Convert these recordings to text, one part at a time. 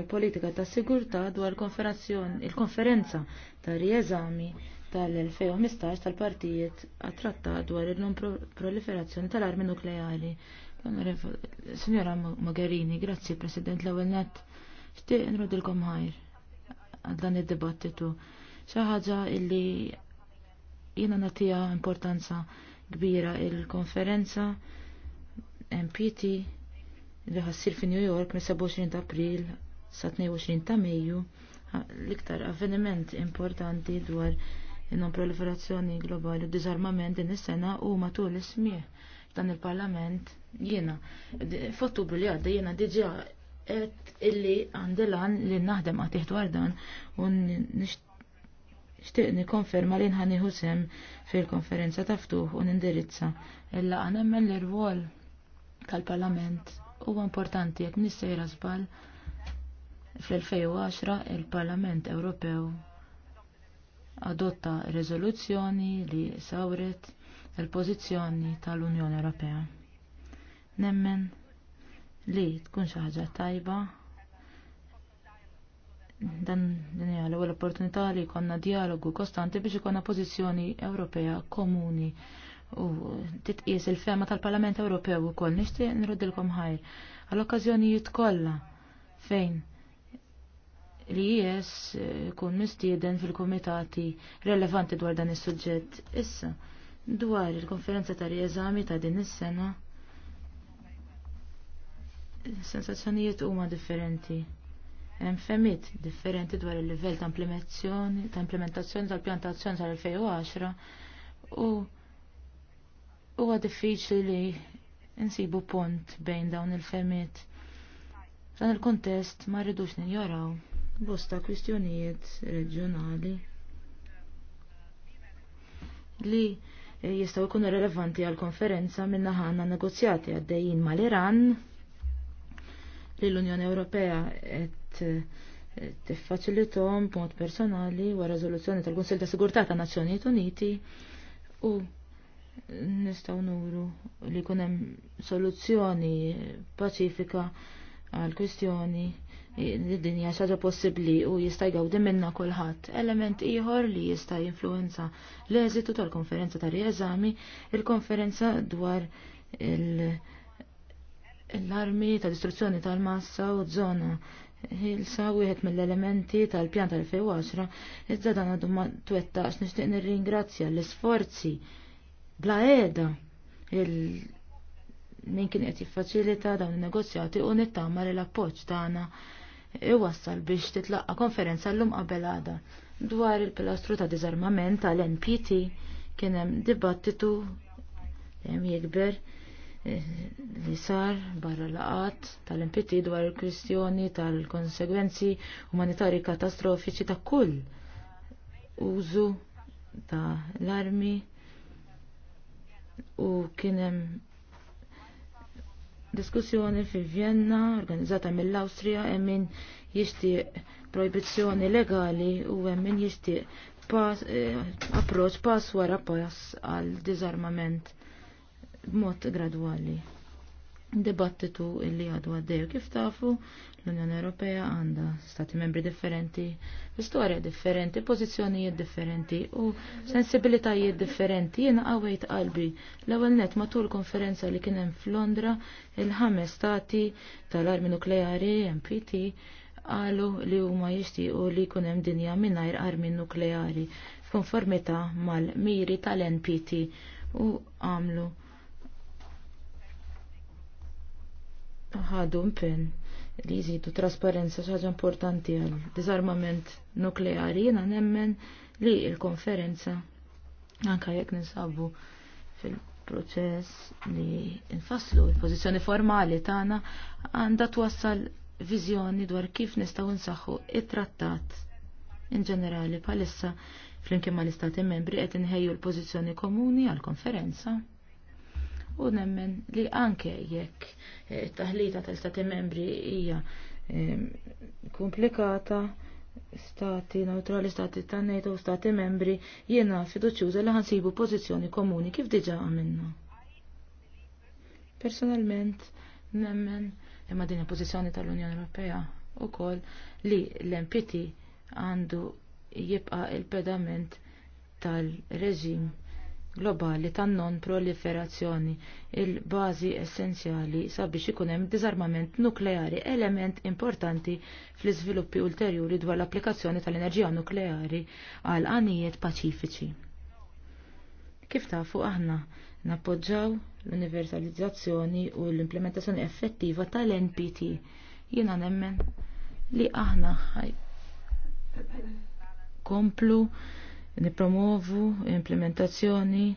riformi politika ta' sigurtà dwar il-konferenza ta' rieżami tal-2015 tal-partijiet għat-trattat dwar il-non-proliferazzjoni tal-armi nukleari. Signora Mogherini, grazzi President l-ewwel nett. Xtieq nrodilkom ħajr għal dan id-dibattitu. Xi ħaġa illi jiena nagħtiha importanza kbira il-konferenza MPT li ħassir fi New York mis-27 ta' April sa 22 ta' Mejju l-iktar avveniment importanti dwar non-proliferazzjoni globali u disarmament din is-sena u matul is-smieħ dan il-Parlament jiena f'Ottubru li għadda jiena diġà qed illi għandilan li naħdem għatih dwar dan u nixtieq nikkonferma li nħaniħu sem fil-konferenza ta' ftuħ u nindirizza illa għanemmen l-irwol tal-Parlament huwa importanti jekk nissejra żball Fl-2010 il-Parlament Ewropew adotta riżoluzzjoni li sawret il-pożizzjoni tal-Unjoni Ewropea. Nemmen li tkun xi ħaġa tajba dan din hija l-ewwel opportunità li jkollna dialogu kostanti biex ikonna pożizzjoni Ewropea komuni u titqies il-fema tal-Parlament Ewropew ukoll nixtieq nirudilkom ħajr għall okkażjonijiet kollha fejn li jes eh, kun mistieden fil-komitati relevanti dwar dan is-suġġett issa dwar il-konferenza ta' rieżami ta' din is-sena. Sensazzjonijiet huma differenti. Hemm femmit differenti dwar il-livell ta' implementazzjoni, ta' implementazzjoni tal-pjantazzjoni tal-2010 u huwa diffiċli insibu pont bejn dawn il-femmit. Dan il-kontest ma rridux ninjoraw bosta kwistjonijiet reġjonali li eh, jistaw ikunu relevanti għal konferenza minna ħanna negozjati għaddejjin mal-Iran li l-Unjoni Ewropea qed eh, tiffaċilitom b'mod personali wara riżoluzzjoni tal konsil ta' Sigurtà ta' Nazzjonijiet Uniti u nistgħu nuru li jkun hemm soluzzjoni paċifika għal kwistjoni dinja xaġa possibbli u jista' jgawdi minna kulħadd. Element ieħor li jista' jinfluenza l-eżitu tal-konferenza ta' rieżami, il-konferenza dwar l-armi ta' distruzzjoni tal-massa u żona Hilsa wieħed mill-elementi tal-pjan tal-2010, iżda dan għadu ma twettax nixtieq nirringrazzja l-isforzi bla qiegħda min kien qed jiffaċilita dawn in-negozjati u nittama l appoġġ tagħna iwassal biex titlaqqa konferenza l-lum qabel għada dwar il-pilastru ta' dizarmament tal-NPT kien hemm dibattitu hemm jikber eh, li sar barra laqat tal npt dwar il-kwistjoni tal-konsegwenzi umanitari katastrofiċi ta' kull użu ta' l-armi u kienem Diskussjoni fi Vienna, organizzata mill-Austria, hemm min jixtieq proibizzjoni legali u hemm min jixtieq pas, eh, approċ pass wara pass għal diżarmament b'mod gradwali dibattitu illi għadu għaddeju kif tafu l-Unjoni Ewropea għandha stati membri differenti, istorja differenti, pożizzjonijiet differenti u sensibilitajiet differenti. Jena għawajt qalbi l-ewwel net matul konferenza li kien hemm f'Londra il-ħames stati tal-armi nukleari MPT qalu li huma jixtiequ li jkun hemm dinja mingħajr armi nukleari f'konformità mal-miri tal-NPT u għamlu ħadu mpen li jżidu trasparenza xaġa importanti għal disarmament nukleari jena nemmen li il-konferenza anka jekk ninsabu fil-proċess li nfasslu il-pożizzjoni formali tagħna għandha twassal viżjoni dwar kif nistgħu nsaħħu it-trattat in ġenerali palissa flimkien mal-istati membri qed inħejju l-pożizzjoni komuni għal-konferenza u nemmen li anke jekk it-taħlita eh, tal-stati membri hija komplikata stati neutrali, stati ta' NATO, stati membri jiena fiduċjuża li ħansibu pożizzjoni komuni kif diġa għamilna. Personalment nemmen imma din pożizzjoni tal-Unjoni Ewropea ukoll li l-MPT għandu jibqa' il-pedament tal-reġim globali tan non proliferazzjoni il-bażi essenzjali sabiex ikun hemm diżarmament nukleari element importanti fl-iżviluppi ulterjuri dwar l-applikazzjoni tal-enerġija nukleari għal għanijiet paċifiċi. Kif tafu aħna nappoġġaw l-universalizzazzjoni u l-implementazzjoni effettiva tal-NPT jiena nemmen li aħna komplu nipromovu implementazzjoni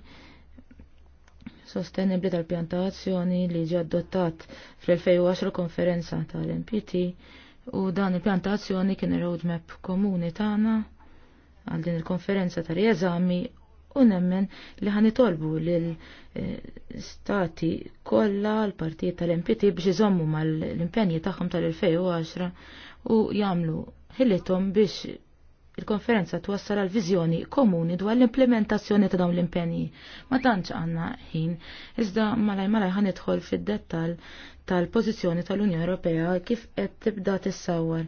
sostenibli tal pjanta azzjoni li ġi adottat fl-2010 konferenza tal-MPT u dan il azzjoni kien il-roadmap komuni tagħna għal din il-konferenza tal rieżami u nemmen li ħanitolbu l-stati eh, kollha l-partijiet tal-MPT biex iżommu mal-impenji tagħhom tal-2010 u jagħmlu ħillithom biex Il-konferenza twassal għal viżjoni komuni dwar l-implementazzjoni ta' dawn l-impenji. Ma tantx għandna ħin, iżda malaj malaj ħan idħol fid-dettal tal-pożizzjoni tal-Unjoni Ewropea kif qed tibda tissawwar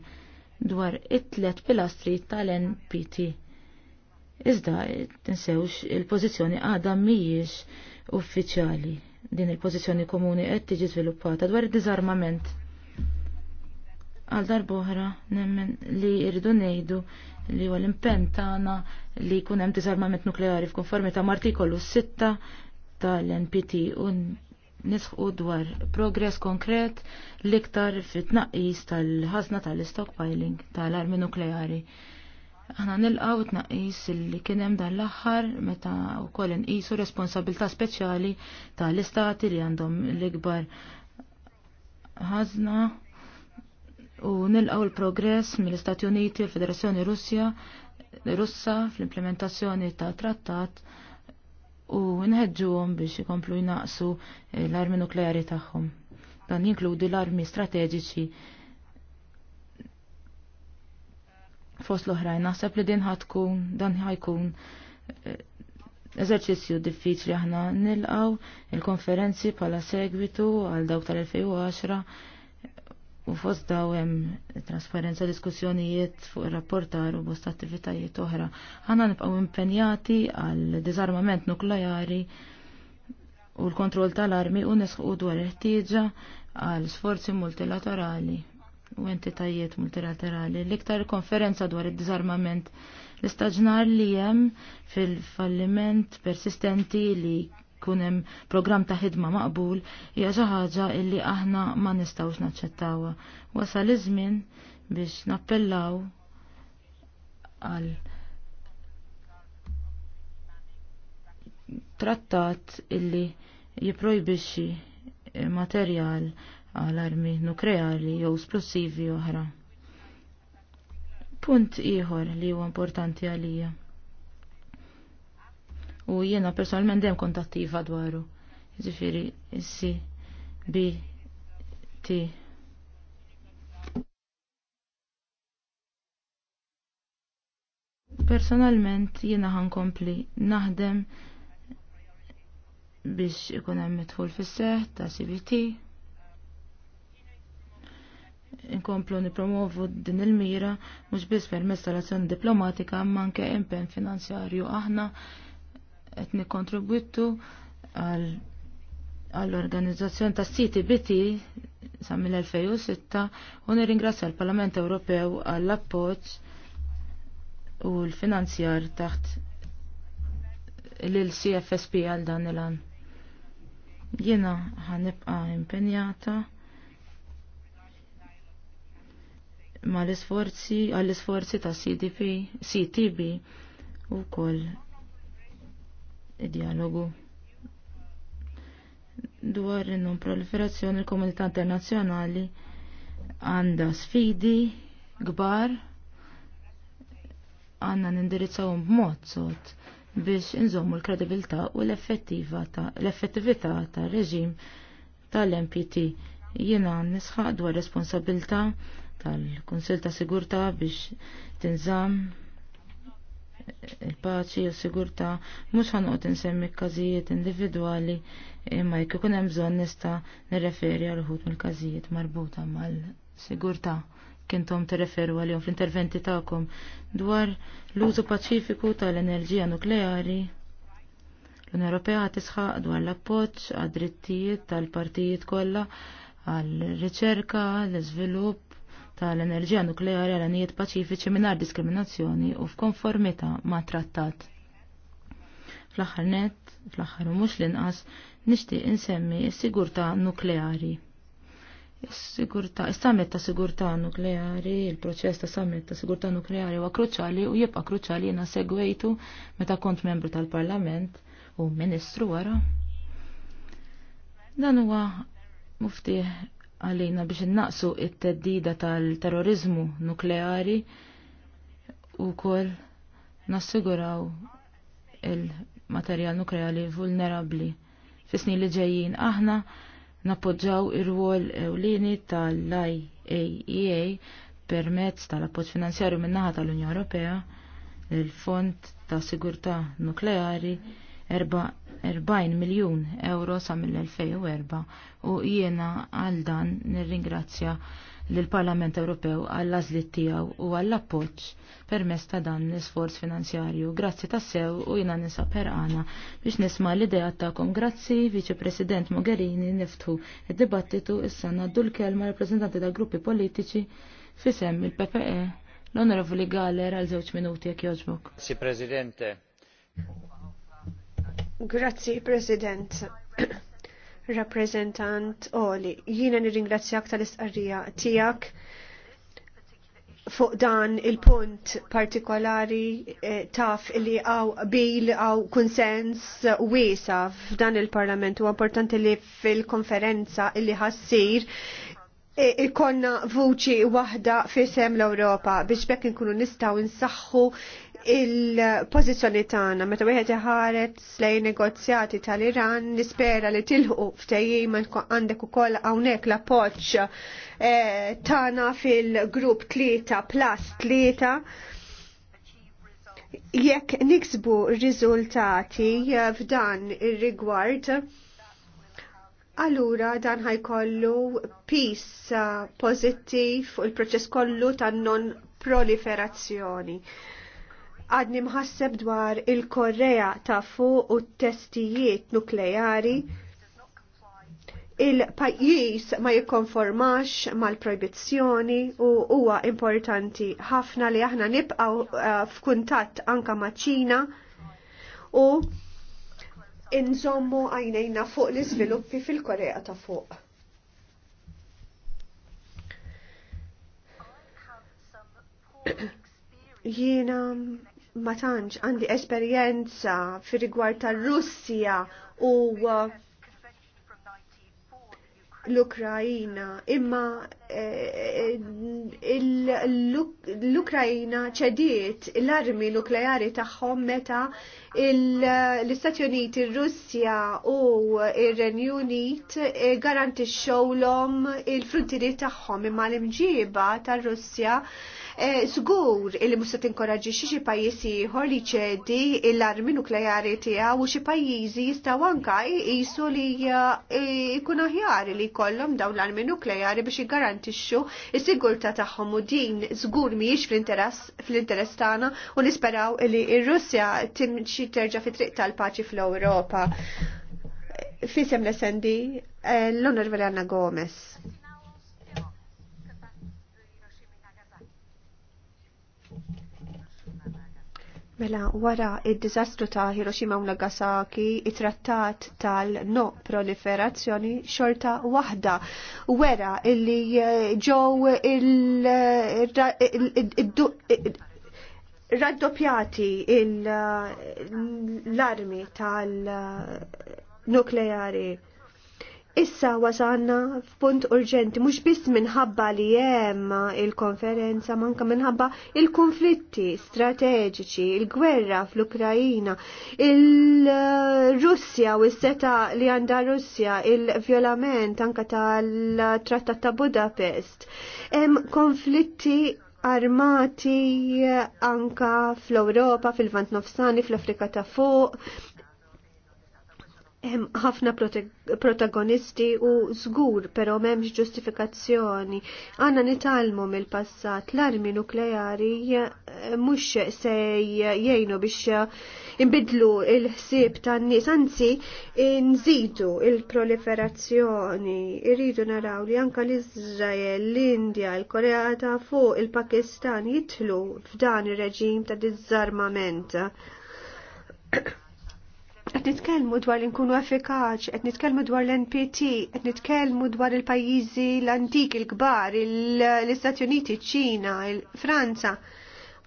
dwar it-tlet pilastri tal-NPT. Iżda tinsewx il-pożizzjoni għadha mhijiex uffiċjali din il-pożizzjoni komuni qed tiġi żviluppata dwar id-diżarmament għal darboħra nemmen li irridu nejdu li għal impentana impenn tagħna li jkun hemm disarmament nukleari f'konformità Martikolu artikolu 6 tal-NPT u nisħu dwar progress konkret l-iktar fit-tnaqqis tal-ħazna tal-stockpiling tal-armi nukleari. Aħna nilqaw tnaqqis li kien hemm dan l-aħħar meta wkoll inqisu responsabilità speċjali tal-istati li għandhom l-ikbar ħazna u nilqaw il-progress mill-Istati Uniti, l federazzjoni Russja, Russa fl-implementazzjoni ta' trattat u nħedġuhom biex ikomplu jnaqsu l-armi nukleari tagħhom. Dan jinkludi l-armi strateġiċi fost l-oħrajn. Naħseb li din ħatkun, dan ħajkun eh, eżerċizzju diffiċli aħna nilqaw il-konferenzi pala segwitu għal dawk tal-2010 U fost daw hemm trasparenza diskussjonijiet fuq ir-rapportar u bost attivitajiet oħra. Ħana nibqgħu impenjati għal diżarmament nukleari u l-kontroll tal-armi u nisħu dwar ħtieġa għal sforzi multilaterali u entitajiet multilaterali. L-iktar konferenza dwar id-diżarmament l-istaġnar li hemm fil-falliment persistenti li Kun hemm programm ta' ħidma maqbul hija xi ħaġa illi aħna ma nistgħux naċċettawha. Wasal iż-żmien biex nappellaw għal trattat illi jiprojbixxi materjal għal armi nukleari jew splussivi oħra. Punt ieħor li huwa importanti għalija u jiena personalment dem kontattiva dwaru. Ġifiri, si bi ti. Personalment jiena kompli naħdem biex ikun hemm idħul fis-seħħ ta' CBT inkomplu nipromovu din il-mira mhux biss permezz tal-azzjoni diplomatika ma anke impenn finanzjarju aħna qed nikkontribwittu għall-organizzazzjoni ta' siti BT sa mill-2006 u nirringrazzja l-Parlament Ewropew għall-appoġġ u l-finanzjar taħt l-CFSP għal dan il-għan. Jena ħanibqa impenjata ma l-isforzi għall-isforzi ta' CDP, CTB u koll il dialogu dwar non proliferazzjoni l-komunità internazzjonali għandha sfidi kbar għandna nindirizzawhom b'mod biex inżommu l-kredibilità u l-effettività tar reġim tal-MPT jiena nisħaq dwar responsabilità tal konsil ta' Sigurtà biex tinżamm il-paċi, il-sigurta, mux ħanqot nsemmi kazijiet individuali imma jek ikun hemm bżonn nista' nirreferi għal ħut mill-każijiet marbuta mal-sigurta kintom tirreferu għalihom fl-interventi tagħkom dwar l-użu paċifiku tal-enerġija nukleari l-Unjoni Ewropea tisħaq dwar l-appoġġ għad-drittijiet tal-partijiet kollha għal riċerka, l-iżvilupp, tal-enerġija nukleari għal anijiet paċifiċi mingħajr diskriminazzjoni u f'konformità ma' trattat. Fl-aħħar net, fl-aħħar u mhux l-inqas, nixtieq insemmi s-sigurtà nukleari. Is-sigurtà, ta' sigurtà nukleari, il-proċess ta' summit ta' sigurtà nukleari huwa kruċali u jibqa' kruċali jiena segwejtu meta kont membru tal-Parlament u ministru wara. Dan huwa muftiħ għalina biex innaqsu it-teddida tal-terrorizmu nukleari u kol nassiguraw il-materjal nukleari vulnerabli. Fisni li ġejjin aħna nappoġġaw ir-rwol ewlieni tal-IAEA e permezz tal-appoġġ finanzjarju minnaħa tal-Unja Ewropea il-Fond ta' Sigurtà Nukleari erba'. 40 miljun euro sa mill-2004 u jiena għal dan nirringrazzja lill-Parlament Ewropew għall għażliet tiegħu u għall appoġġ permess ta' dan l-isforz finanzjarju. Grazzi ta' sew u jiena nisa perqana biex nisma l-idea tagħkom. Grazzi Viċi President Mogherini niftu id-dibattitu issa sena l-kelma rappreżentanti tal gruppi politiċi fisem il-PPE l-Onorevoli Galler għal żewġ minuti jekk jogħġbok. Si Presidente, Grazzi, President. Rappresentant Oli, jiena nirringrazzjak tal-istqarrija tijak fuq dan il-punt partikolari eh, taf li għaw bil għaw konsens wisa f'dan il-parlament u importanti li fil-konferenza li ħassir eh, ikonna vuċi wahda fisem l-Europa biex bekk nkunu nistaw nsaxħu il-pozizjoni tagħna meta wieħed iħaret slej negozjati tal-Iran nispera li tilħu ftehim għandek ukoll hawnhekk l-appoġġ eh, tagħna fil-grupp tlieta plus tlieta jekk niksbu riżultati eh, f'dan ir-rigward Allura dan ħajkollu peace eh, pozittiv u l-proċess kollu tan non proliferazzjoni għadni mħasseb dwar il-Korea ta' fuq u testijiet nukleari il-pajjiż ma jikkonformax mal-proibizzjoni u huwa importanti ħafna li aħna nibqgħu eh, f'kuntatt anka ma' Ċina u inżommu għajnejna fuq l-iżviluppi fil-Korea ta' fuq. Jiena ma tantx għandi esperjenza fi rigward tar-Russja u uh, l-Ukrajina, imma l-Ukrajna ċediet l-armi nukleari tagħhom meta l-Istati Uniti, r Russja u ir-Renju Unit eh, garantixxewlhom il-frontieri tagħhom imma l-imġiba tar-Russja Zgur eh, il musta tinkoraġi xi xi pajjiżi ieħor li ċedi l-armi nukleari tiegħu u xi pajjiżi jistgħu anke jqisu li jkun eh, aħjar li jkollhom dawn l-armi nukleari biex jgaranti jiggarantixxu is sigurta tagħhom u din żgur mhijiex fl-interess tagħna u nisperaw li r-Russja timxi terġa' fi triq tal-paċi fl-Ewropa. Fisem l-SND eh, l-Onorevoli Anna Gomez. Mela, wara il-dizastru ta' Hiroshima u Nagasaki, it-trattat tal-no proliferazzjoni xorta wahda. Wera illi eh, ġow il- eh, raddoppjati eh, l-armi tal-nukleari. Issa wasanna f'punt urġenti mhux biss minħabba li hemm il-konferenza manka minħabba il-konflitti strateġiċi, il-gwerra fl-Ukrajina, il-Russja u s-seta li għandha Russja, il-vjolament anka tal-Trattat ta' Budapest. Hemm konflitti armati anka fl-Europa, fil-Vant Nofsani, fl-Afrika ta' fuq, hemm ħafna protagonisti u żgur però m'hemmx ġustifikazzjoni. Għandna nitalmu mill-passat l-armi nukleari mhux se jgħinu biex inbidlu il-ħsieb tan-nies, anzi nżidu il-proliferazzjoni. Irridu naraw li anke l-Iżrael, l-Indja, l-Korea ta' fuq il-Pakistan jitlu f'dan ir-reġim ta' diżarmament. Qed nitkellmu dwar li nkunu effikaċ, qed nitkellmu dwar l-NPT, qed nitkellmu dwar il-pajjiżi l-antik, il-kbar, l-Istati Uniti, ċina il-Franza.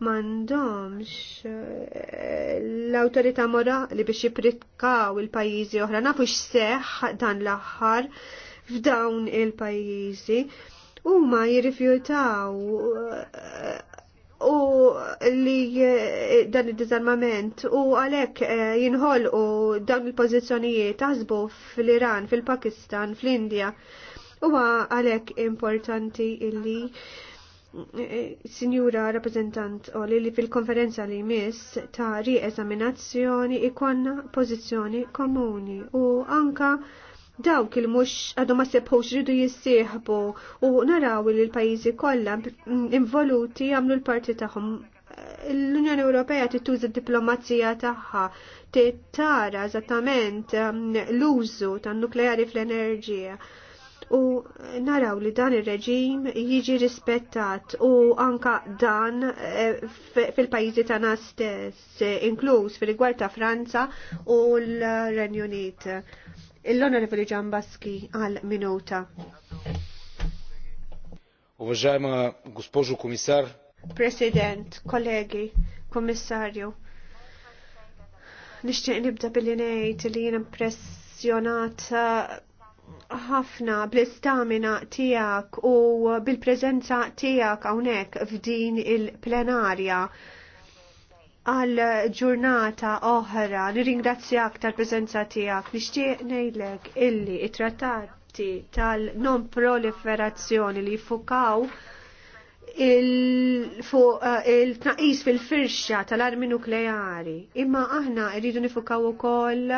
M'għandhomx eh, l-awtorità morali biex jipritkaw il-pajjiżi oħra. Nafu x'seħħ dan l-aħħar f'dawn il-pajjiżi huma jirrifjutaw eh, u li eh, dan id-dizarmament u għalek eh, jinħol u dan il-pozizjonijiet taħsbu fil-Iran, fil-Pakistan, fil-Indja. U għalek importanti illi eh, Sinjura rappresentant o li fil-konferenza li miss ta' rieżaminazzjoni ikonna pozizjoni komuni u anka dawk il mhux għadhom ma sebħux ridu jissieħbu u naraw li l-pajjiżi kollha involuti għamlu l-parti tagħhom l-Unjoni Ewropea tittuża d-diplomazija tagħha tittara eżattament um, l-użu tan-nukleari fl-enerġija u naraw li dan ir-reġim jiġi rispettat u anka dan eh, fil-pajjiżi tagħna stess, eh, inkluż fil-rigward ta' Franza u l-Renju l-Onorevoli Ġambaski għal minuta. Uważajma, gospożu komisar. President, kollegi, komissarju. Nixtieq nibda billi ngħid li jien impressjonata ħafna bl-istamina tiegħek u bil prezenza tiegħek hawnhekk f'din il-plenarja għal ġurnata oħra nirringrazzjak tal-prezenza tiegħek nixtieq ngħidlek illi it trattati tal-non proliferazzjoni li jfukaw fuq eh, il-tnaqis fil-firxa tal-armi nukleari. Imma aħna rridu nifukaw ukoll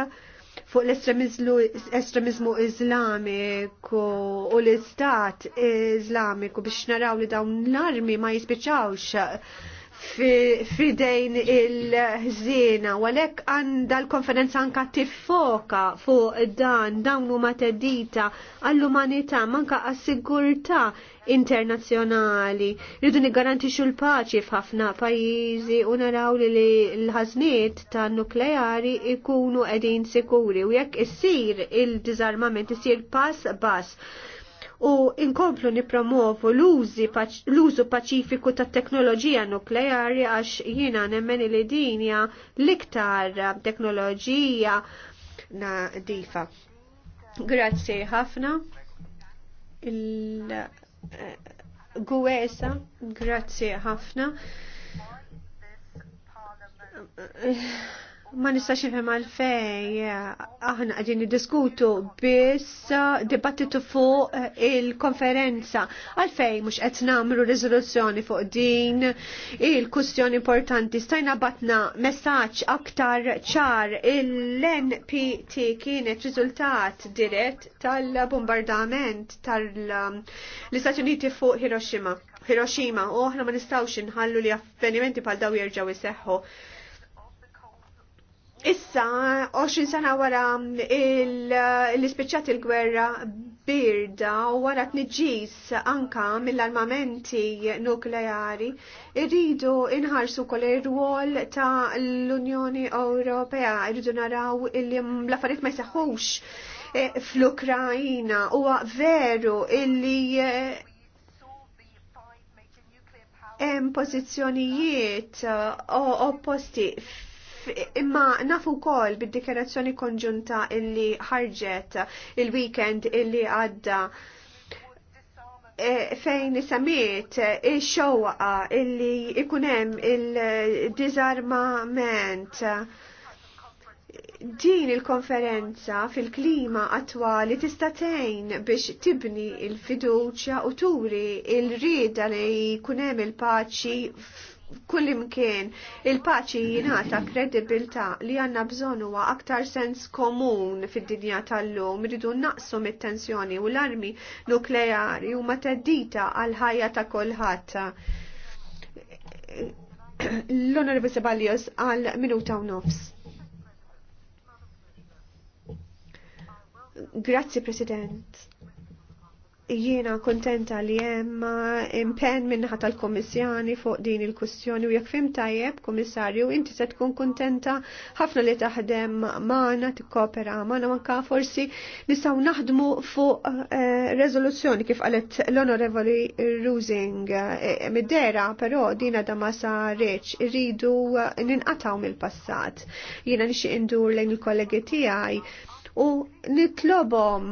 fuq l-estremizmu islamiku u l-istat izlamiku biex naraw li dawn l-armi ma jispiċawx fidejn il u għalek għanda l-konferenza anka tifoka fuq dan, dawn huma teddita għall-umanità, manka għas-sigurtà internazzjonali. Rridu niggarantixxu l-paċi f'ħafna pajjiżi u naraw li l-ħażniet tan nukleari ikunu qegħdin sikuri u jekk issir il dizarmament isir pass bass u inkomplu nipromovu l-użu paċifiku ta' teknoloġija nukleari għax jina nemmen li dinja liktar teknoloġija na difa. Grazzi ħafna. Il-Gwesa, eh, grazzi ħafna. Eh, Ma nistax nifhem għalfej aħna qegħdin diskutu biss uh, dibattitu fuq uh, il-konferenza għalfej mhux qed nagħmlu riżoluzzjoni fuq din il-kustjoni importanti stajna batna messaġġ aktar ċar il-NPT kienet riżultat dirett tal-bombardament tal-Istati Uniti fuq Hiroshima. Hiroshima u aħna ma nistawx inħallu li avvenimenti bħal daw jirġaw jiseħħu. Issa, 20 sena wara l-ispiċċat il-gwerra birda u wara t-nġis anka mill-armamenti nukleari, irridu inħarsu kol ir ruol ta' l-Unjoni Ewropea, irridu naraw illi l-affarijiet ma jseħħux eh, fl-Ukrajina u veru illi eh, hemm pożizzjonijiet eh, opposti imma nafu kol bid-dikerazzjoni konġunta illi ħarġet il-weekend illi għadda e, fejn samiet il-xowaqa illi ikunem il-dizarmament din il-konferenza fil-klima attwali tista' tgħin biex tibni il-fiduċja u turi il-rieda li jkun hemm il-paċi kullimkien il-paċi jingħata kredibilta li għandna bżonn huwa aktar sens komun fid-dinja tal-lum rridu naqsu mit-tensjoni u l-armi nukleari huma teddita għal ħajja ta' kulħadd. L-Onorevole Sebalios għal minuta u nofs. Grazzi President jiena kontenta li hemm eh, impenn minnaħa tal-Komissjoni fuq din il kustjoni u jekk fim tajjeb, Komissarju, inti se tkun kontenta ħafna li taħdem t-kopera maħna, manka forsi nistgħu naħdmu fuq eh, rezoluzzjoni kif qalet l-Onorevoli Rusing eh, middera, però dina da ma reċ, irridu ninqataw mill-passat. Jiena nixi indur lejn il-kollegi tiegħi u nitlobom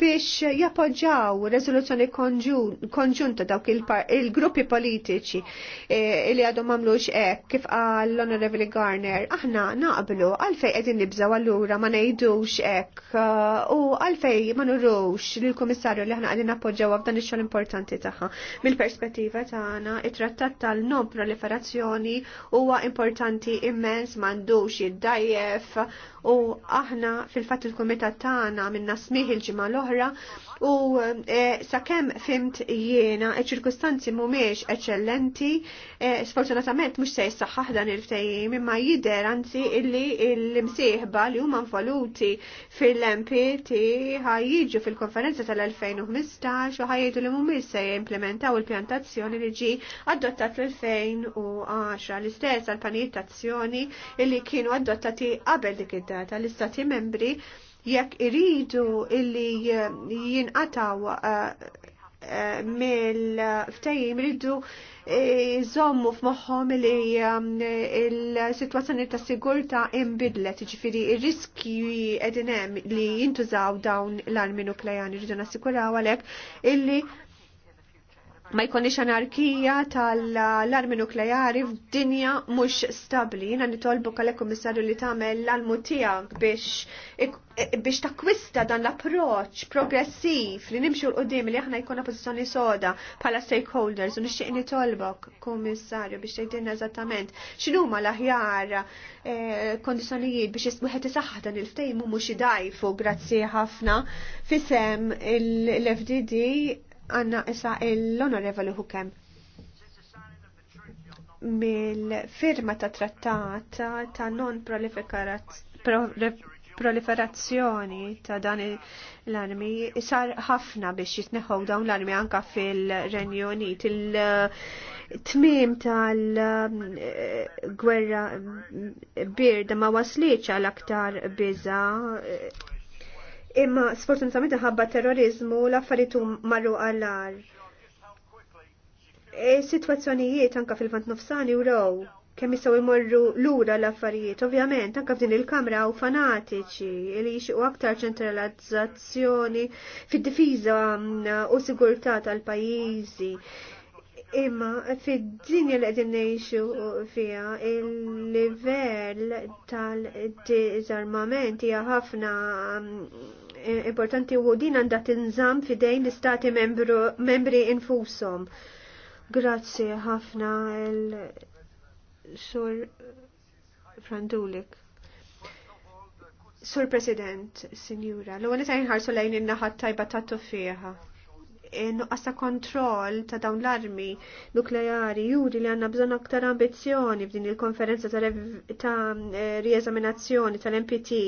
biex jappoġġaw rezoluzzjoni konġunta dawk il-gruppi politiċi eh, li għadhom mamlux hekk, kif qal l-Honorable Garner. Aħna naqblu għalfej qegħdin nibżaw allura ma ngħidux hekk. Eh, u għalfej ma nurrux lill-Kummissarju li aħna qegħdin nappoġġaw f'dan ix-xogħol importanti tagħha. Mill-perspettiva tagħna it-trattat tal-non proliferazzjoni huwa importanti immens m'għandux id-dajjef u aħna fil-fatt il-kumitat tagħna tagħna minna smih il-ġimgħa l-oħra u eh, sakemm fimt jiena iċ-ċirkustanzi e mhumiex eċċellenti, eh, sfortunatament mhux se jissaħħaħ dan il-ftehim imma jidher anzi illi l-imsieħba li huma involuti fil-MPT ħajjiġu fil-konferenza tal-2015 u ħajjidu li mhumiex se jimplementaw il-pjantazzjoni li ġi adottat fl-2010 l-istess għal-panijiet azzjoni illi kienu adottati qabel dik id-data l-istati membri jekk iridu illi jinqataw eh, eh, mill-ftejim iridu eh, jżommu f'moħħom li il-situazzjoni ta' sigurta imbidlet, ġifiri il-riski edinem li jintużaw dawn l-armi nukleari rridu nassikuraw għalek illi ma jkunix anarkija tal-armi nukleari f'dinja mhux stabbli. Jiena nitolbu kalek kummissarju li tagħmel l-almu tiegħek biex biex takwista dan l-approċ progressiv li nimxu l-qudiem li aħna jkunna pożizzjoni soda bħala stakeholders u nixtieq nitolbok kummissarju biex tgħidilna eżattament x'inhuma l-aħjar eh, kondizjonijiet biex wieħed isaħħa dan il-ftehim mhux idajfu grazzi ħafna fisem l-FDD Għanna issa l-Onorevoli Hukem mill-firma ta' trattat ta' non proliferazzjoni ta' dan l-armi sar ħafna biex jitneħħu dawn l-armi anka fil-Renju Unit. Il-tmim tal-gwerra birda ma waslitx għal aktar biza' imma sfortunatament ħabba terrorizmu l-affaritu marru għallar. E, Situazzjonijiet anka fil-vant nofsani u row, kemm jistgħu jmorru lura l-affarijiet, ovvjament anka f'din il-kamra u fanatiċi li jixqu aktar ċentralizzazzjoni fid-difiża mm, u sigurtà tal-pajjiżi. Imma fid-dinja li qegħdin ngħixu fiha il-livell tal-diżarmament hija ħafna mm, importanti u din għandha tinżamm fidejn l-istati membri infushom. Grazzi ħafna il-sur Frandulik. Sur President, Sinjura, l-għu nisajn ħarsu lejn in-naħat tajba tattu fieħa nuqqasa kontroll ta' dawn l-armi nukleari juri li għanna bżon aktar ambizjoni f'din il-konferenza ta' eh, rieżaminazzjoni tal-MPT.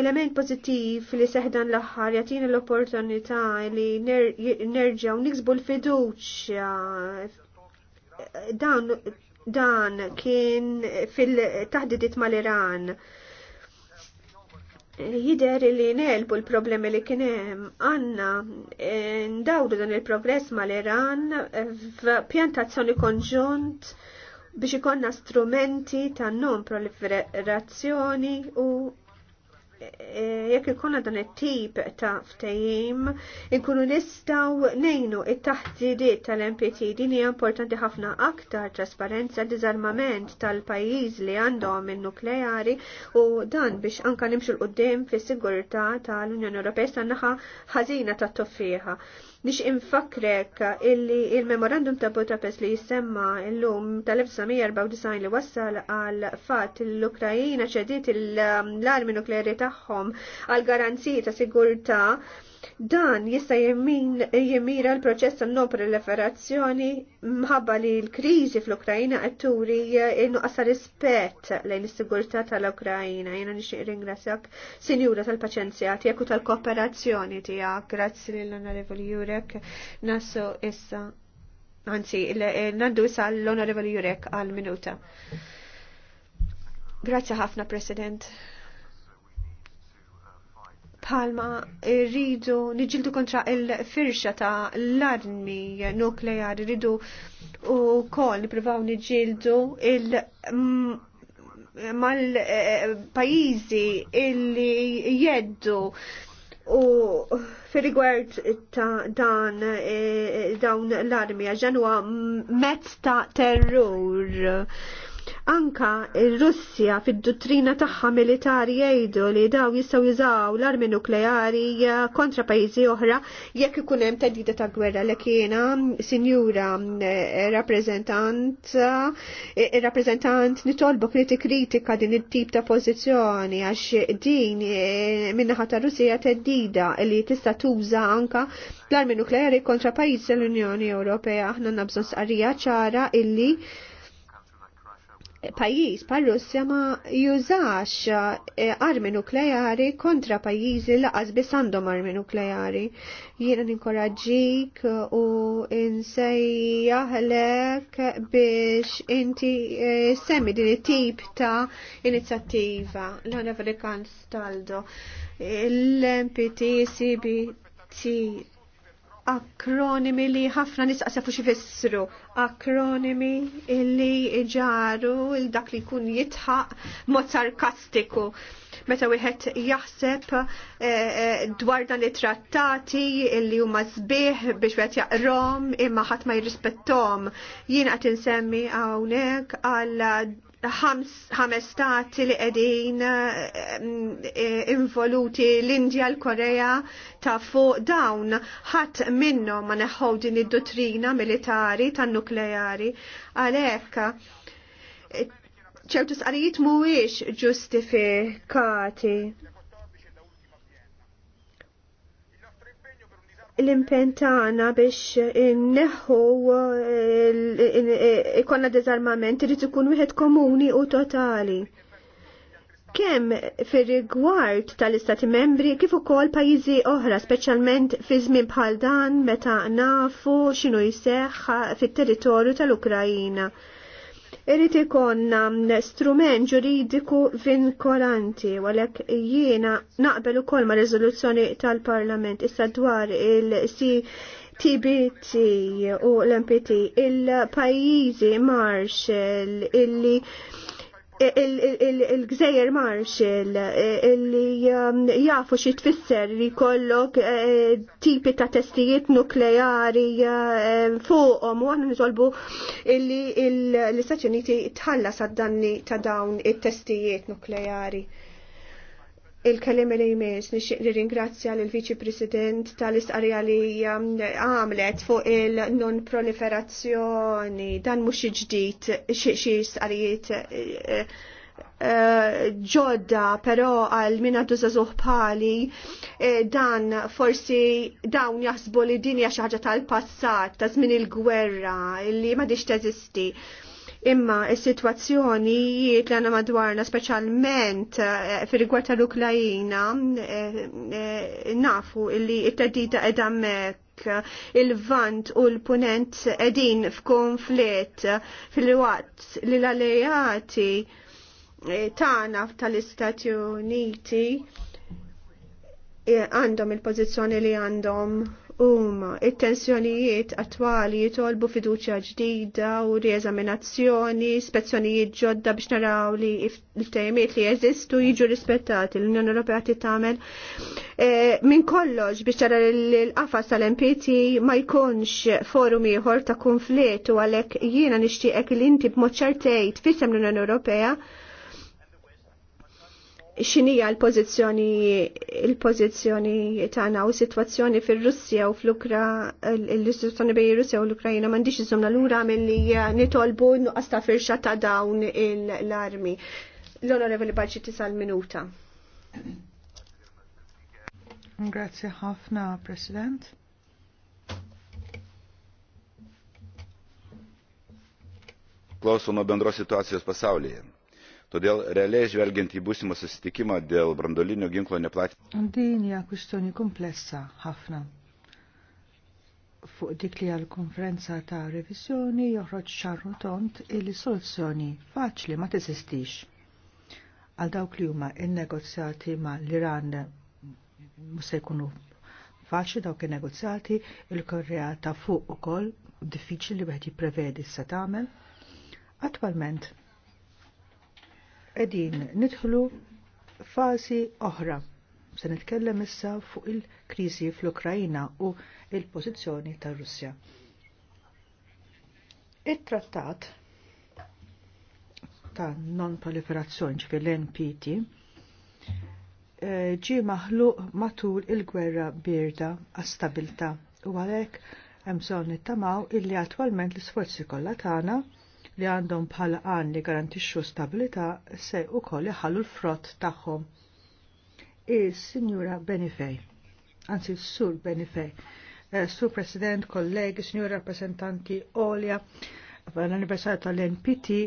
Element pozittiv li seħdan l-axħar jatina l-opportunità li nerġaw niksbu l-fiduċja dan, dan kien fil-taħdidiet mal-Iran jider li nelbu l-problemi li kienem għanna eh, ndawru dan il-progress mal-Iran f'pjantazzjoni konġunt biex ikonna strumenti ta' non proliferazzjoni u jekk ikunna dan it-tip ta' ftehim, inkunu nistgħu ngħinu it-taħdidiet tal-MPT din hija importanti ħafna aktar trasparenza diżarmament tal-pajjiż li għandhom il-nukleari u dan biex anka nimxu l-qudiem fis-sigurtà tal-Unjoni Ewropea naħa ħażina tat-toffieħa. Nix infakrek illi il-memorandum ta' Budapest li jisemma l-lum tal-1994 li wassal għal fat l-Ukrajina ċedit l-armi nukleari tagħhom għal garanziji ta' sigurta' Dan jista' jimmira l-proċess tan non proliferazzjoni mħabba li l-kriżi fl ukrajina qed turi eh, innuqqas rispett lejn is-sigurtà tal ukrajina Jena nixtieq ringrazzjak Sinjura tal-paċenzja tiegħek u tal-kooperazzjoni tiegħek. Grazzi lill-Onorevoli Jurek. nasu issa anzi, eh, nandu issa l-Onorevoli Jurek għal-minuta. Grazzi ħafna, President palma rridu niġildu kontra il-firxa ta' l-armi nukleari rridu u kol niprivaw niġildu il- mm, mal-pajizi illi jeddu u fil-rigward ta' dan e, dawn l-armi għaxan huwa mezz ta' terror Anka il-Russja fid-dottrina tagħha militari jgħidu li daw jistgħu jużaw l-armi nukleari eh, kontra pajjiżi oħra jekk ikun hemm tedida ta' gwerra li kiena sinjura eh, rappreżentant eh, rappreżentant nitolbu kriti kritika din it-tip ta' pożizzjoni għax din minnaħa ta' Russija teddida li tista' tuża anka l-armi nukleari kontra pajjiżi l-Unjoni Ewropea aħna nabżon sqarrija ċara illi pajjiż pa' Russja ma jużax eh, armi nukleari kontra pajjiżi laqas biss għandhom armi nukleari. Jiena ninkoraġġik u insejjaħlek biex inti eh, semmi din it-tip ta' inizjattiva l-Amerikan Staldo l-MPT CBT akronimi li ħafna nisqasa fuxi fissru, akronimi illi iġaru il-dak li kun jitħaq mod sarkastiku. Meta wieħed jaħseb eh, eh, dwar dan it-trattati illi huma sbieħ biex wieħed jaqrom imma ħadd ma jirrispettom. Jien qed insemmi hawnhekk għal ħames stati li qegħdin eh, eh, involuti l-Indja, l-Korea ta' fuq dawn ħadd minnhom ma neħħu din id-dottrina militari tan-nukleari għalhekk eh, ċew tisqarijiet mhuwiex ġustifikati l-impentana biex neħu eh, ikonna dezarmament irid ikun wieħed komuni u totali. Kemm fir-rigward tal-Istati membri kif ukoll pajjiżi oħra, speċjalment fi żmien bħal dan meta nafu x'inhu jseħħ fit-territorju tal-Ukrajina. Irrit ikonna strument ġuridiku vinkolanti, għalek jiena naqbel u kol ma rezoluzzjoni tal-parlament issa dwar il ctbt u l-MPT il-pajizi marxel illi il-gżejjer Marshall eh, li um, jafu xi tfisser li kollok eh, tipi ta' testijiet nukleari eh, fuqhom u aħna nisolbu li l-Istati Uniti tħallas għad-danni ta' dawn it-testijiet nukleari il-kelim li jmiss nixtieq nirringrazzja l viċi President tal-istqarja li um, għamlet fuq il-non proliferazzjoni dan mhux ġdid xi stqarijiet eh, eh, ġodda però għal minna duża zuħpali eh, dan forsi dawn jaħsbu li dinja xi ħaġa tal-passat ta' żmien il-gwerra li ma diċ teżisti imma s-situazzjoni li għanna madwarna specialment eh, fil-rigward tal-Ukrajina eh, eh, nafu li it-tadida edammek il-vant u l-punent edin f'konflitt fil-waqt li l-alleati tana tal-Istati Uniti għandhom il-pozizjoni li għandhom huma it-tensjonijiet attwali jitolbu fiduċja ġdida u rieżaminazzjoni, spezzjonijiet ġodda biex naraw li il tejmiet li jeżistu jiġu rispettati. L-Unjoni Ewropea tagħmel eh, Min kollox biex tara l-qafas tal-MPT ma jkunx forum ieħor ta' konflitt u għalhekk jiena nixtieqek li inti b'mod ċertejt fissem l-Unjoni Ewropea xinija l-pozizjoni il-pozizjoni tagħna u situazzjoni fir-Russja u fl-Ukra l-istituzzjoni bej Russja u l-Ukrajina m'għandix iżomna lura milli nitolbu nuqqas ta' firxa ta' dawn l-armi. L-Onorevoli Baġġi tisal minuta. Grazie ħafna, President. Klausom bendros situacijos pasaulyje. Todėl realiai žvelgiant į būsimą susitikimą dėl brandolinio ginklo neplatinimo. Dinja kwistjoni komplessa ħafna. Fuq dik li għal-konferenza ta' revizjoni joħroġ xarru tont il-soluzzjoni faċli ma teżistix għal dawk li huma il-negozjati ma l-Iran se jkunu faċli dawk in negozjati il-Korea ta' fuq ukoll diffiċli li bħed jipprevedi se tagħmel. Attualment edin nidħlu fasi oħra. Se nitkellem issa fuq il-kriżi fl-Ukrajina u il-pożizzjoni tar russja Il-trattat ta' non-proliferazzjoni ġifir l-NPT eh, ġi maħlu matul il-gwerra birda għas u għalhekk hemm bżonn nittamaw illi attwalment l-isforzi kollha tagħna li għandhom bħala għan li garantixxu stabilità se wkoll iħallu l-frott tagħhom. Is-Sinjura Benifej, anzi s-Sur Benifej, eh, Sur President, kollegi, Sinjura Rappresentanti Olja, l-anniversarju tal-NPT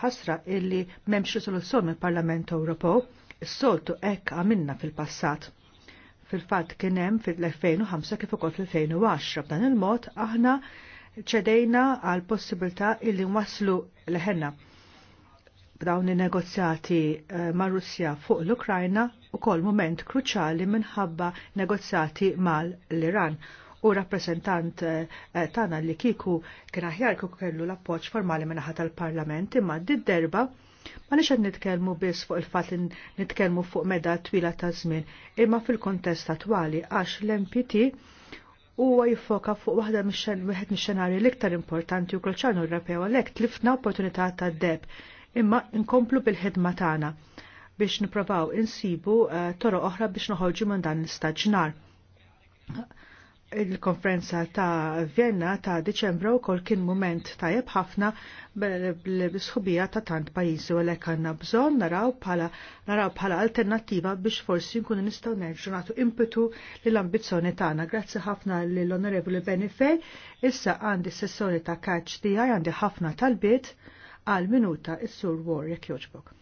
ħasra illi memx risoluzzjoni mill-Parlament Ewropew, s soltu hekk għamilna fil-passat fil-fatt kien hemm fil-2005 kif ukoll fil-2010 b'dan il-mod aħna ċedejna għal possibilità illi waslu leħenna b'dawn il-negozjati eh, ma' Russja fuq l-Ukrajna u kol moment kruċali minħabba negozjati mal-Iran u rappresentant eh, tana li kiku kien aħjar kiku kellu l-appoċ formali minnaħat tal-parlament imma d-derba ma nix nitkelmu biss fuq il-fat li nitkelmu fuq meda twila ta' żmien imma fil-kontest attwali għax l-MPT huwa jiffoka fuq waħda wieħed mix-xenarji l-iktar importanti u kulċan Ewropew għalhekk tlifna opportunità tad-deb imma nkomplu bil-ħidma tagħna biex nipprovaw insibu eh, toroq oħra biex noħorġu minn dan l-istaġnar il-konferenza ta' Vienna ta' Deċembru kol kien moment tajjeb ħafna bl-sħubija ta' tant pajizi u għalek għanna bżon naraw bħala naraw alternativa biex forsi nkun nistaw nerġu impetu l-ambizzjoni tagħna. Grazzi ħafna lill-Onorevoli Benifej, issa għandi sessjoni ta' kaċ tiegħi għandi ħafna talbiet għal minuta is-Sur War jekk joġbok.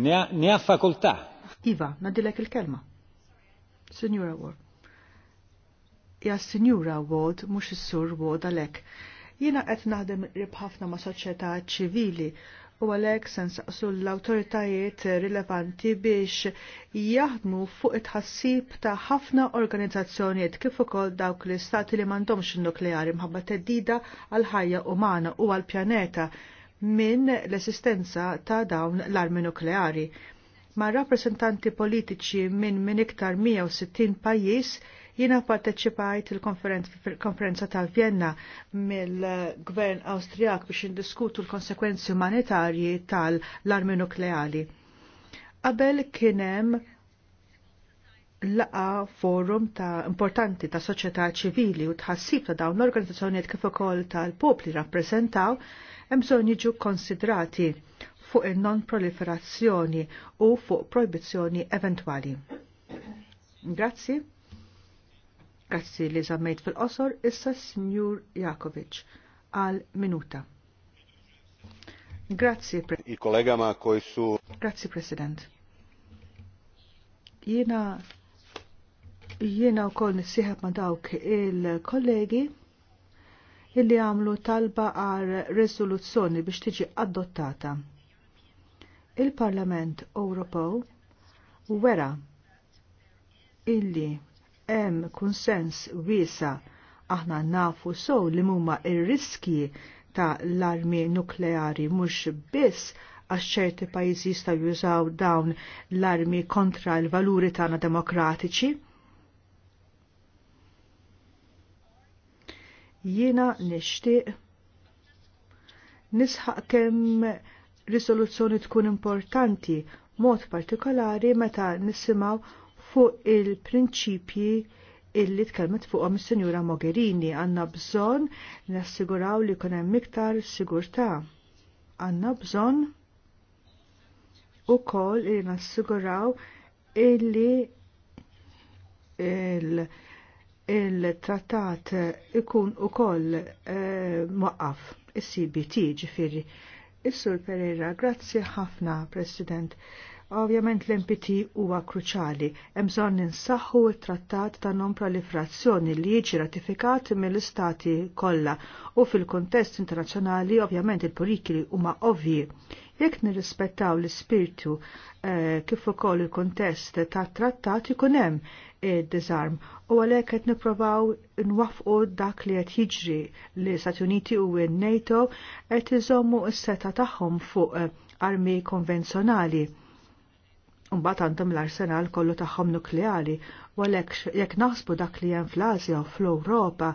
Nja fakultà. Iva, nadilek il-kelma. Signora Ward. Ja, Signora Ward, mux is-sur Ward għalek. Jena qed naħdem ħafna ma' soċjetà ċivili u għalek sensaqsu l-autoritajiet rilevanti biex jaħdmu fuq it-ħassib ta' ħafna organizzazzjonijiet kif ukoll dawk l-istati li m'għandhomx nukleari mħabba teddida għal ħajja umana u għal pjaneta minn l-esistenza ta' dawn l-armi nukleari. Ma' rappresentanti politiċi minn minn iktar 160 pajjiż jina parteċipajt il-konferenza tal-Vienna mill-Gvern Awstrijak biex indiskutu l-konsekwenzi umanitarji tal-armi nukleari. Qabel kienem laqa forum ta' importanti ta' soċjetà ċivili u tħassib ta' dawn l-organizzazzjonijiet kif ukoll tal-popli rappreżentaw hemm bżonn jiġu konsidrati fuq in-non proliferazzjoni u fuq proibizzjoni eventwali. Grazzi. Grazzi li żammejt fil-qosor issa Sinjur Jakovic għal minuta. Grazzi, pre I kollegama Grazzi, President. Jena Jiena wkoll nissiħab ma' dawk il-kollegi illi għamlu talba għal rezoluzzjoni biex tiġi adottata. Il-Parlament Ewropew wera illi hemm kunsens wiesa aħna nafu sow li huma ir riski ta' l-armi nukleari mhux biss għax ċerti pajjiżi jistgħu jużaw dawn l-armi kontra l-valuri tagħna demokratiċi, Jiena nixtieq nisħaq kemm risoluzzjoni tkun importanti mod partikolari meta nisimaw fuq il-prinċipji illi tkellmet fuqhom is-Sinjura Mogherini għandna bżonn nassiguraw li jkun hemm iktar sigurtà. Għandna bżonn ukoll li nassiguraw illi il- il-trattat ikun u koll eh, muqqaf il-CBT ġifiri. Is-Sur Pereira, grazzi ħafna, President. Ovvjament l-MPT huwa kruċali. Hemm bżonn ninsaħħu t-trattat ta' non proliferazzjoni li jiġi ratifikat mill-istati kollha u fil-kuntest internazzjonali ovvjament il politiki huma ovvji. Jekk nirrispettaw l-ispirtu eh, kif ukoll il-kuntest ta' trattat ikun hemm id-disarm u għalhekk qed nipprovaw nwaffqu dak li qed jiġri li Stati Uniti u n-NATO qed iżommu s-seta tagħhom fuq armi konvenzjonali Mbagħad għandhom l-arsenal kollu tagħhom nukleali u għalhekk jekk naħsbu dak li hemm fl-Asja u fl-Ewropa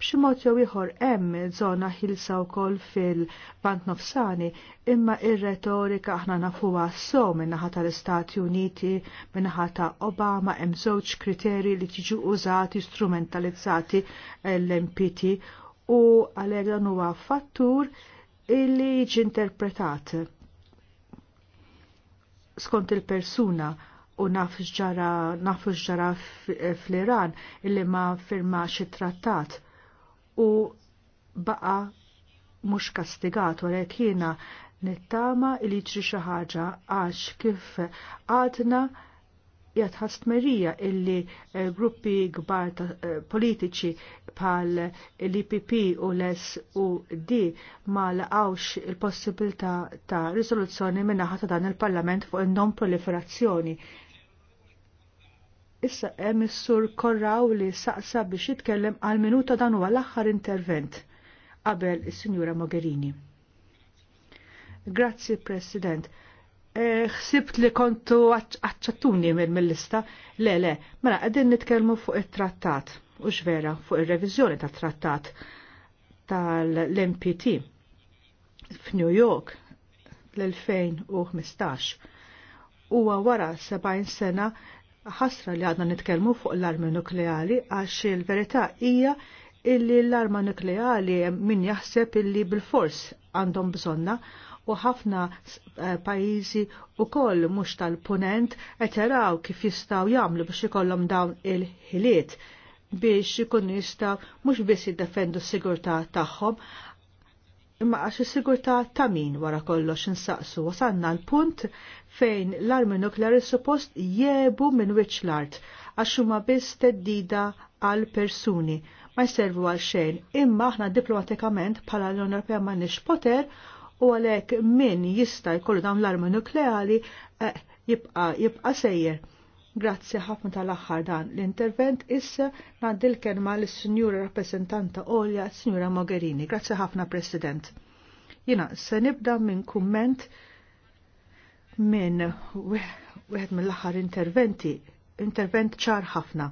b'xi mod jew ieħor hemm żona ħilsa wkoll fil bant Nofsani imma ir-retorika aħna nafuha so min-naħa tal-Istati Uniti min-naħa ta' Obama hemm żewġ kriterji li tiġu użati strumentalizzati l-MPT u għalhekk dan huwa fattur illi jiġi interpretat skont il-persuna u ġara nafu ġara fl-Iran illi ma firma it-trattat u baqa mhux kastigat u jiena nittama li ġri xi ħaġa għax kif għadna jgħat ħastmerija illi eh, gruppi gbar eh, politiċi pal l-IPP u l-SUD ma laqawx il-possibilta ta' risoluzzjoni minnaħat ta' dan il-Parlament fuq il-non proliferazzjoni. Issa hemm eh, is-sur Korraw li saqsa biex jitkellem għal minuta dan huwa l-aħħar intervent qabel is-Sinjura Mogherini. Grazzi President xsibt li kontu għacċattuni mill-lista, le le, mela għedin nitkelmu fuq il-trattat, u vera, fuq il-revizjoni ta' trattat tal-MPT f'New York l-2015. Huwa wara 70 sena ħasra li għadna nitkelmu fuq l-armi nukleali għax il-verità hija illi l-arma nukleali min jaħseb illi bil-fors għandhom bżonna u ħafna eh, pajjiżi koll mhux tal-punent qed kif jistgħu jagħmlu biex ikollhom dawn il-ħiliet biex ikun jistaw mhux biss jiddefendu s-sigurtà tagħhom imma għax is-sigurtà ta' min wara kollox insaqsu wasanna l-punt fejn l-armi nukleari suppost jebu minn wiċċ l-art għax huma biss teddida għal persuni ma jservu għal xejn imma aħna diplomatikament bħala l-Unjoni Ewropea m'għandniex poter u għalhekk min jista' jkollu dawn l-armi nukleali eh, jibqa' jibqa' sejjer. Grazzi ħafna tal-aħħar dan l-intervent issa ngħaddi l-kelma lis-Sinjura Rappreżentanta Olja, Sinjura Mogherini. Grazzi ħafna President. Jina se nibda minn kumment minn wieħed mill-aħħar interventi, intervent ċar ħafna.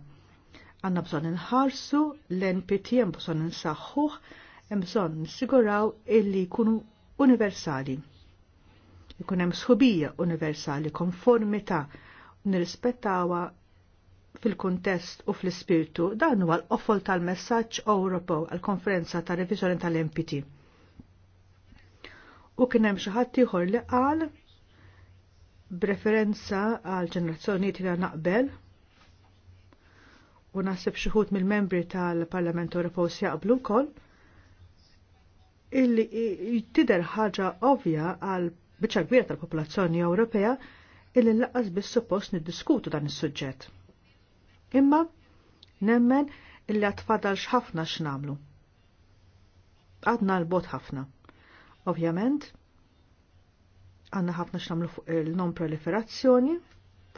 Għanna bżonn inħarsu l-NPT hemm bżonn insaħħuh, hemm bżonn illi jkunu universali. Ikun hemm sħubija universali, konformità nirrispettawa fil-kuntest u fl-ispirtu dan huwa l-qofol tal-messaġġ Ewropew għall-konferenza ta' reviżjoni tal-MPT. U kien hemm xi ħadd ieħor li qal b'referenza għal ġenerazzjonijiet li naqbel u naħseb xi mill-membri tal-Parlament Ewropew se jaqblu wkoll illi jittider ħaġa ovvja għal bieċa kbira tal-popolazzjoni Ewropea illi laqas biss suppost niddiskutu dan is-suġġett. Imma nemmen illi għatfadal x'ħafna x'namlu. Għadna l-bot ħafna. Ovvjament, għanna ħafna x'namlu fuq il-non proliferazzjoni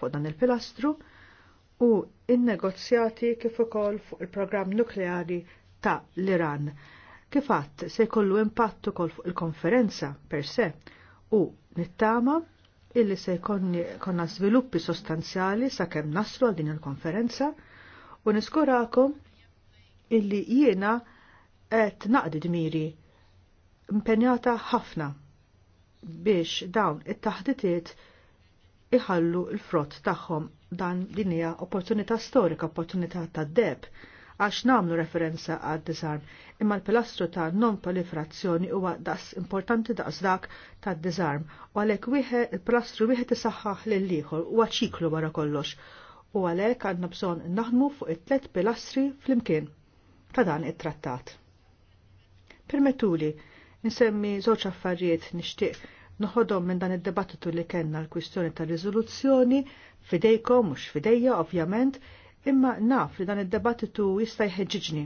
fuq dan il-pilastru u in-negozjati kif ukoll fuq il-programm nukleari ta' l-Iran Kif se jkollu impatt ukoll fuq il-konferenza per se u nittama illi se konna sviluppi sostanzjali sakemm naslu għal din il-konferenza u niskurakom illi jiena qed naqdi dmiri impenjata ħafna biex dawn it-taħditiet iħallu l-frott tagħhom dan din hija opportunità storika, opportunità tad-deb għax namlu referenza għad disarm imma l-pilastru ta' non-proliferazzjoni huwa daqs importanti daqs dak ta' disarm u għalek il-pilastru wieħed isaħħaħ lill-ieħor huwa ċiklu wara kollox u għalek għandna bżonn naħdmu fuq it-tlet pilastri flimkien ta' dan it-trattat. Permettuli, nsemmi żewġ affarijiet nixtieq noħodhom minn dan id-debattitu li kellna l-kwistjoni ta' riżoluzzjoni fidejkom mhux fidejja ovvjament imma naf li dan id-debattitu jista' jħeġġiġni.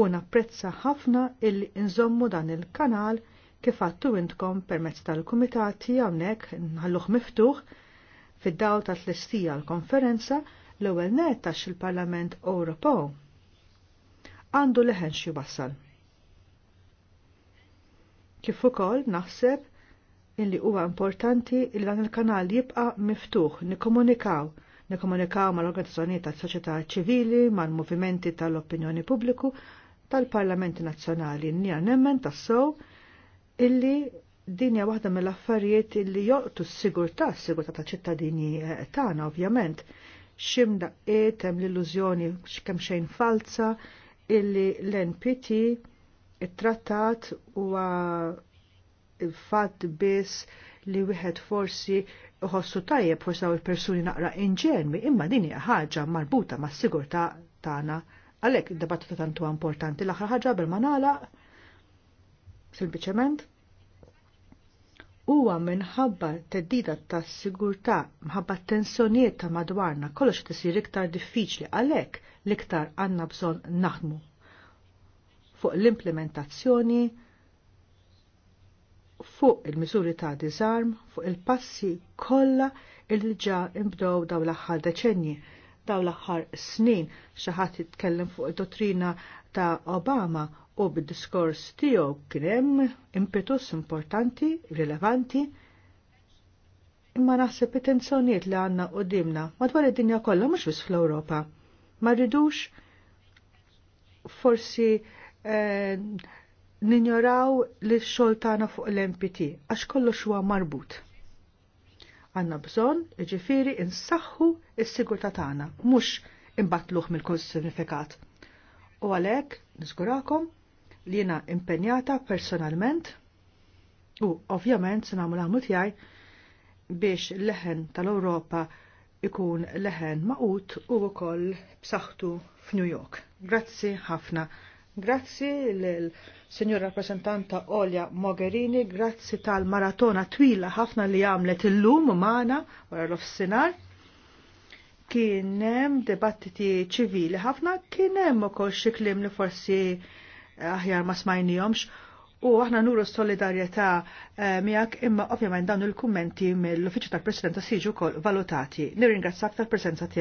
U napprezza ħafna illi nżommu dan il-kanal kif għattu intkom permezz tal-kumitati hawnhekk nħalluħ miftuħ fid-daw ta' Tlistija l-konferenza l-ewwel net il-Parlament Ewropew għandu leħen xi wassal. Kif ukoll naħseb illi huwa importanti il dan il-kanal jibqa' miftuħ nikkomunikaw nikkomunikaw mal-organizzazzjonijiet tas-soċjetà ċivili, mal-movimenti tal-opinjoni pubbliku, tal-Parlamenti Nazzjonali nija nemmen tassow illi dinja waħda mill-affarijiet illi joqtu s-sigurtà, s-sigurtà ta' ċittadini eh, tagħna ovvjament, ximda hemm l-illużjoni x'kemm xejn falsa illi l-NPT it-trattat huwa il-fatt biss li wieħed forsi uħossu tajjeb forsa u l-persuni naqra inġenwi imma din hija ħaġa marbuta ma' sigurtà tagħna għalhekk id-dibattitu tantu importanti l-aħħar ħaġa bil ma nagħlaq sempliċement huwa minħabba teddida ta' sigurtà mħabba tensjonijiet ta' madwarna kollox tisir iktar diffiċli għalhekk l-iktar għandna bżonn naħdmu fuq l-implementazzjoni fuq il-miżuri ta' disarm fuq il-passi kollha il ġa imbdow daw l-aħħar deċenji, daw l-aħħar snin xaħat jitkellem fuq il-dottrina ta' Obama u bid-diskors tiegħu kien hemm impetus importanti, rilevanti, imma naħseb it-tensjonijiet li għandna qudiemna madwar id-dinja kollha mhux biss fl-Ewropa. Ma rridux forsi eh, ninjoraw li xoltana fuq l-MPT, għax kollox huwa marbut. Għanna bżon, iġifiri insaxħu s-sigurta tagħna, mhux imbatluħ mill-konsifikat. U għalhekk niżgurakom li jiena impenjata personalment u ovvjament se nagħmel laħmu tiegħi biex l-leħen tal-Ewropa ikun leħen maqut u wkoll b'saħħtu f'New York. Grazzi ħafna. Grazzi l-Senjur Rappresentanta Olja Mogherini, grazzi tal-maratona twila ħafna li għamlet il-lum maħna wara l-offsinar. Kienem debattiti ċivili ħafna, kienem u kol xiklim li forsi eh, aħjar ma smajnijomx. U aħna nuru solidarieta eh, miak imma ovvjament dawn il-kummenti mill-Uffiċċju tal-Presidenta siġu kol valutati. Nirringrazzak tal presenza